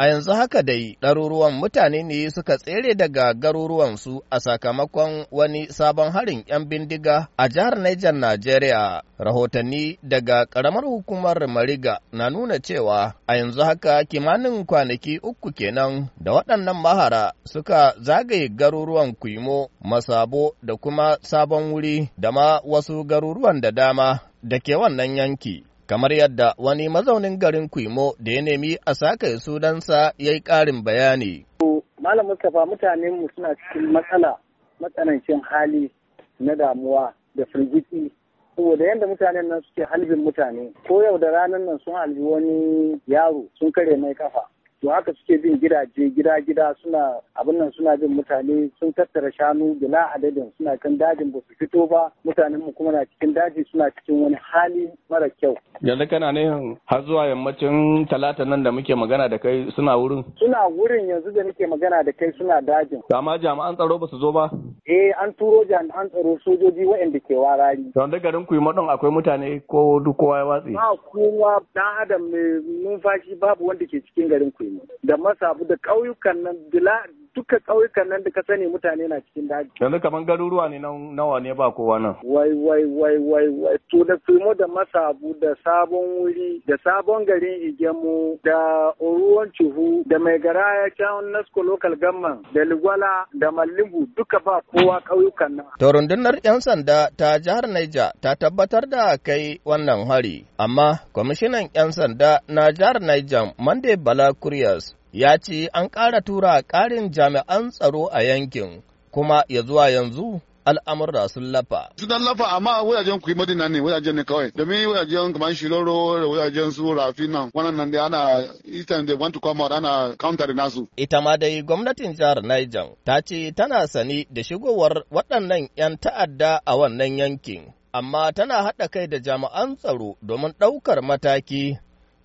A yanzu haka dai ɗaruruwan mutane ne suka tsere daga garuruwansu a sakamakon wani sabon harin 'yan bindiga a jihar Niger Najeriya. Rahotanni daga ƙaramar hukumar Mariga na nuna cewa a yanzu haka kimanin kwanaki uku kenan da waɗannan mahara suka zagaye garuruwan Kuimo, Masabo da kuma Sabon Wuri da ma wasu garuruwan da dama da ke wannan yanki. kamar yadda wani mazaunin garin Kuimo da ya nemi a sake sudansa ya yi ƙarin bayani. Malam Mustapha mutanen mu suna cikin matsala matsanancin hali na damuwa da firgiti saboda yadda mutanen nan suke halbin mutane ko yau da ranar nan sun halbi wani yaro sun kare mai kafa to haka suke bin gidaje gida gida suna abin nan suna bin mutane sun tattara shanu bila adadin suna kan dajin ba su fito ba mutanen mu kuma na cikin daji suna cikin wani hali mara kyau yanzu kana ne har zuwa yammacin talata nan da muke magana da kai suna wurin suna wurin yanzu da nake magana da kai suna dajin amma jami'an tsaro ba su zo ba Eh an turo jami'an tsaro sojoji waɗanda ke warari. Da wanda garin ku yi maɗon akwai mutane ko duk kowa ya watsi. Ba kowa ɗan adam mai numfashi babu wanda ke cikin garin ku yi Da masabu da ƙauyukan nan duka ƙauyukan nan da ka sani mutane na cikin daji. Yanzu kamar garuruwa ne nawa ne ba kowa nan. Wai wai wai wai wai to da fimo da masabu da sabon wuri da sabon garin igemu da oruwan cuhu da mai garaya kyan nasko local gamman da ligwala da mallibu duka ba kowa ƙauyukan nan. To rundunar 'yan sanda ta jihar Naija ta tabbatar da kai wannan hari amma kwamishinan 'yan sanda na jihar Niger Monday Bala Kuriyas ya ce an ƙara tura ƙarin jami'an tsaro a yankin kuma ya zuwa yanzu al'amurra sun lafa. Sunan lafa amma wajajen kuyi madina ne wajajen ne kawai domin wajajen kamar shiloro da wajajen su rafi nan wannan nan da ana eastern da want to come out ana counter nasu. Ita ma dai gwamnatin jihar Niger ta ce tana sani da shigowar waɗannan 'yan ta'adda a wannan yankin. Amma tana haɗa kai da jami'an tsaro domin ɗaukar mataki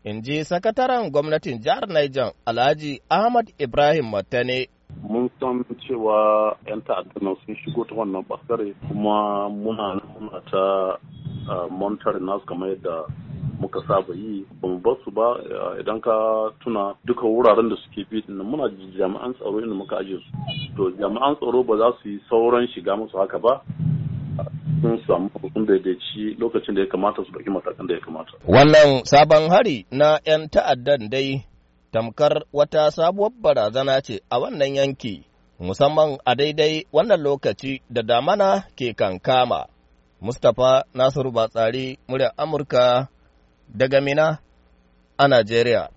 in ji sakataren gwamnatin jihar Niger Alhaji Ahmad Ibrahim Matane. Mun san cewa 'yan ta'adda sun shigo ta wannan bakare kuma muna nuna ta montar nasu kamar yadda muka saba yi ba mu su ba idan ka tuna duka wuraren da suke bi din muna jami'an tsaro inda muka aje su to jami'an tsaro ba za su yi sauran shiga musu haka ba sun samu hukun daidaici lokacin da ya kamata su ɗauki matakan da ya kamata. Wannan sabon hari na 'yan ta'addan dai tamkar wata sabuwar barazana ce a wannan yanki musamman a daidai wannan lokaci da damana ke kankama. Mustapha Nasiru Batsari, murya Amurka daga Mina a Najeriya.